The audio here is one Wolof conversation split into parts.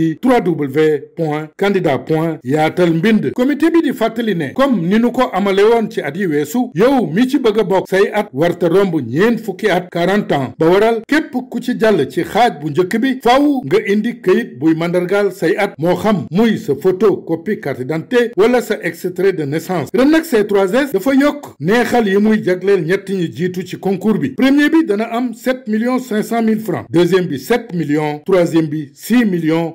di 3w point candidat yaatal mbind comité bi di fàttali ne comme ni nu ko amale woon ci at yi weesu yow mi ci bëgg a bokk say at warta romb ñeen fukki at 40 ans ba waral képp ku ci jàll ci xaaj bu njëkk bi faaw nga indi këyit buy mandargaal say at moo xam muy sa photo copie carte d'identité wala sa extrait de naissance ren nag c 3 dafa yokk neexal yi muy jagleel ñetti ñi jiitu ci concours bi premier bi dana am 7 millions 500 mille francs deuxième bi 7 millions troisième bi 6 millions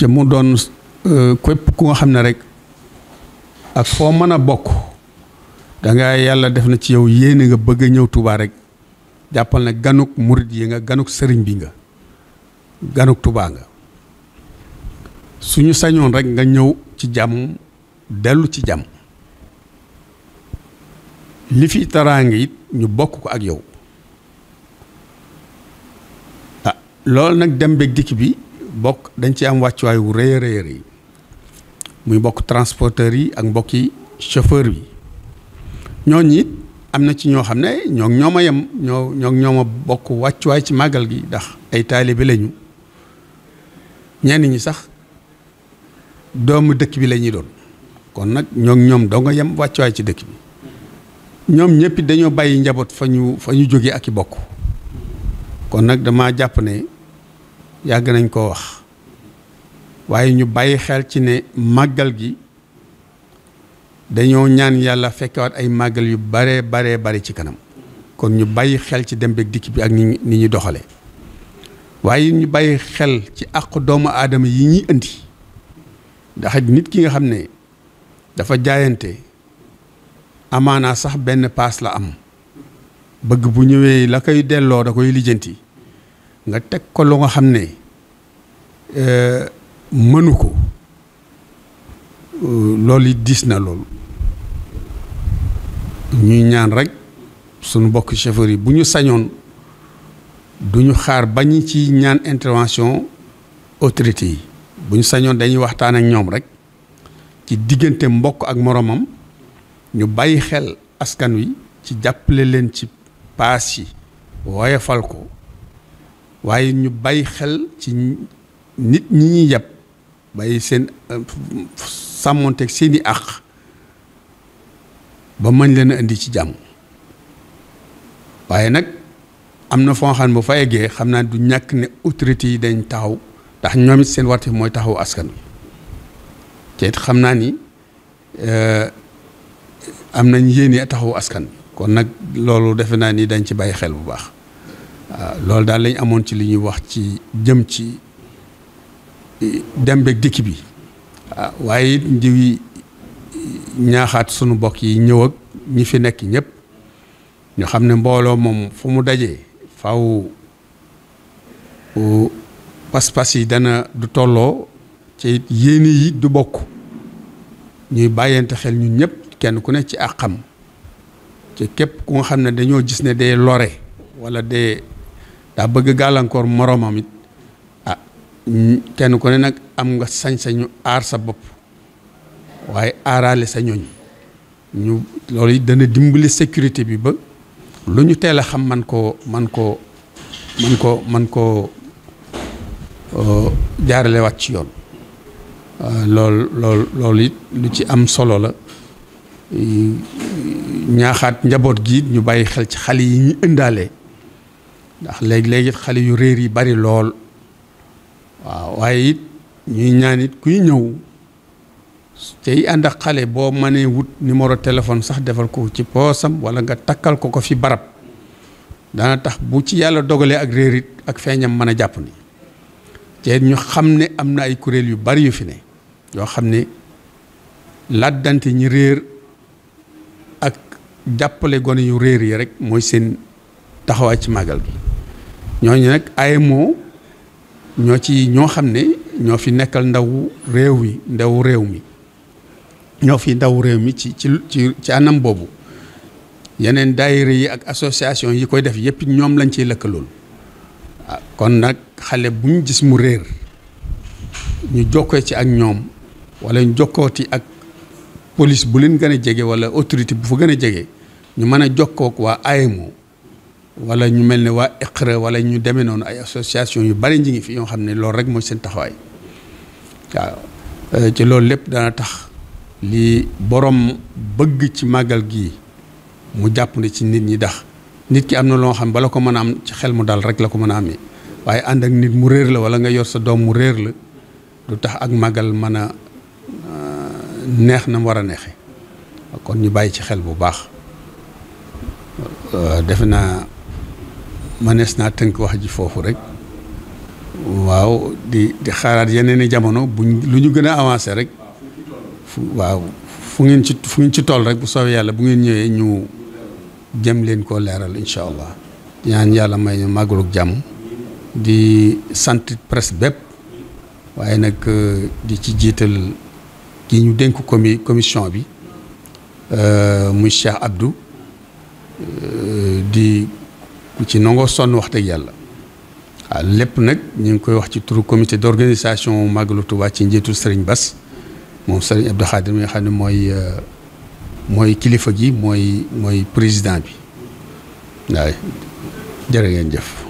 ci mu doon euh, képp ku nga xam ne rek ak foo mën a bokk danga yàlla def na ci yow yéene nga bëgg a ñëw Touba rek jàppal na ganuk murit yi nga ganuk sëriñ bi nga ganuk Touba nga suñu sañoon rek nga ñëw ci jàmm dellu ci jàmm li fi taraanga it ñu bokk ko ak yow ah loolu nag dem beeg dikk bi bokk dañ ci am wàccuwaay wu rëy a rëy muy bokk transporteurs yi ak mbokki chauffeur yi ñooñu it am na ci ñoo xam ne ñoo ñoom a yem ñoo ñoo ñoo bokk wàccuwaay ci màggal gi ndax ay taalibe lañu ñenn ñi sax doomu dëkk bi la ñuy doon kon nag ñoo ñoom doo nga yem wàccuwaay ci dëkk bi ñoom ñëpp dañoo bàyyi njaboot fa ñu fa ñu jógee ak i bokk kon nag dama jàpp ne yàgg nañ koo wax waaye ñu bàyyi xel ci ne màggal gi dañoo ñaan yàlla fekkewaat ay màggal yu bare bare bare ci kanam kon ñu bàyyi xel ci dem beeg bi ak ni ni ñu doxale waaye ñu bàyyi xel ci àq doomu aadama yi ñuy indi ndax nit ki nga xam ne dafa jaayante amaanaa sax benn paas la am bëgg bu ñëwee la koy delloo da koy lijjanti nga teg ko lu nga xam ne euh, mënu ko euh, loolu yi diis na lool ñuy ñaan rek sunu bokk chauffeur bu ñu sañoon du ñu xaar bañ ci ñaan intervention autorité yi bu sañoon dañuy waxtaan ak ñoom rek ci diggante mbokk ak moroomam ñu bàyyi xel askan wi ci jàppale leen ci paas yi waaye fal ko waaye ñu bàyyi xel ci nit ñi ñuy yàpp bàyyi seen sàmmonteeg seeni àq ba mën leen a indi ci jàmm waaye nag am na foo xam ne bu fa eggee xam naa du ñàkk ne autorité yi dañ taxaw ndax ñoom seen wartif mooy taxawu askan wi te xam naa ni euh, am nañ yéene taxawu askan kon nag loolu defe naa ni dañ ci bàyyi xel bu baax Euh, loolu daal lañ amoon ci li ñuy wax ci jëm ci dem beeg dikk bi euh, waaye it di ñaaxaat sunu mbokk yi ñëw ñi fi nekk ñépp ñu xam ne mbooloo moom fu mu dajee faw pas yi dana du tolloo ci yéene yi du bokk ñuy bàyyante xel ñun ñëpp kenn ku ne ci àqam ci képp ku nga xam ne dañoo gis ne day lore wala day daa bëgg gàllankoor moroomam it ah kenn ku ne nag am nga sañ-sañu aar sa bopp waaye aaraale sa ñooñ ñu loolu dana dimbali sécurité bi ba lu ñu teel a xam man koo man koo man koo man koo euh, jaarale waat ci yoon euh, loolu loolu loolu lu ci am solo la ñaaxaat njaboot gi ñu bàyyi xel ci xale yi ñu indaale ndax léegi-léegi xale yu réer yi bari lool waaw waaye it ñuy ñaan it kuy ñëw tey ànd xale boo mënee wut numéro téléphone sax defal ko ci poosam wala nga takkal ko ko fi barab dana tax bu ci yàlla dogalee ak réer it ak feeñam mën a jàpp ni te ñu xam ne am na ay kuréel yu bari yu fi ne yoo xam ne làddante ñi réer ak jàppale gone yu réer yi rek mooy seen taxawaay ci màggal bi ñooñu nag AEMO ñoo ci ñoo xam ne ñoo fi nekkal ndaw réew yi ndaw réew mi ñoo fi ndaw réew mi ci ci ci ci anam boobu yeneen daayira yi ak association yi koy def yëpp ñoom lañ ciy lëkkalool ah, kon nag xale bu ñu gis mu réer ñu jokkoo ci ak ñoom walla ñu jokkooti ak police bu leen gën a jege wala autorité bu fa gën a jege ñu mën a jokkoo ak waa AEMO wala ñu mel ni waa Iqra wala ñu demee noonu ay association yu bari ñi ngi fi yoo xam ne loolu rek mooy seen taxawaay waaw euh, ci loolu lépp dana tax li borom bëgg ci màggal gi mu jàpp ne ci nit ñi dax nit ki am na loo xam ne bala ko mën a am ci xel mu dal rek la ko mën a amee waaye ànd ak nit mu réer la wala nga yor sa doom mu réer la lu tax ak màggal mën a euh, neex na war a neexee kon ñu bàyyi ci xel bu baax euh, defe naa mënees naa tënk wax ji foofu rek waaw di di xaaraat yeneen i jamono buñ lu ñu gën a avancé rek waaw fu ngeen ci fu ngeen ci tool rek bu soobee yàlla bu ngeen ñëwee ñu jëm leen koo leeral incha allah. ñaan yàlla may ñu jàmm di sant presse bépp waaye nag euh, di ci jiital ki ñu dénk comi commission bi euh, muy Cheikh Abdou euh, di. ku ci nangoo sonn wax dëgg yàlla waaw lépp nag ñu ngi koy wax ci turu commité d'organisation Màggalu Tuuba ci njiitu Serigne bas moom Serigne Abdou Khadir mi nga xam ne mooy euh, mooy kilifa gi mooy mooy président bi waaye jërë ngeen jëf.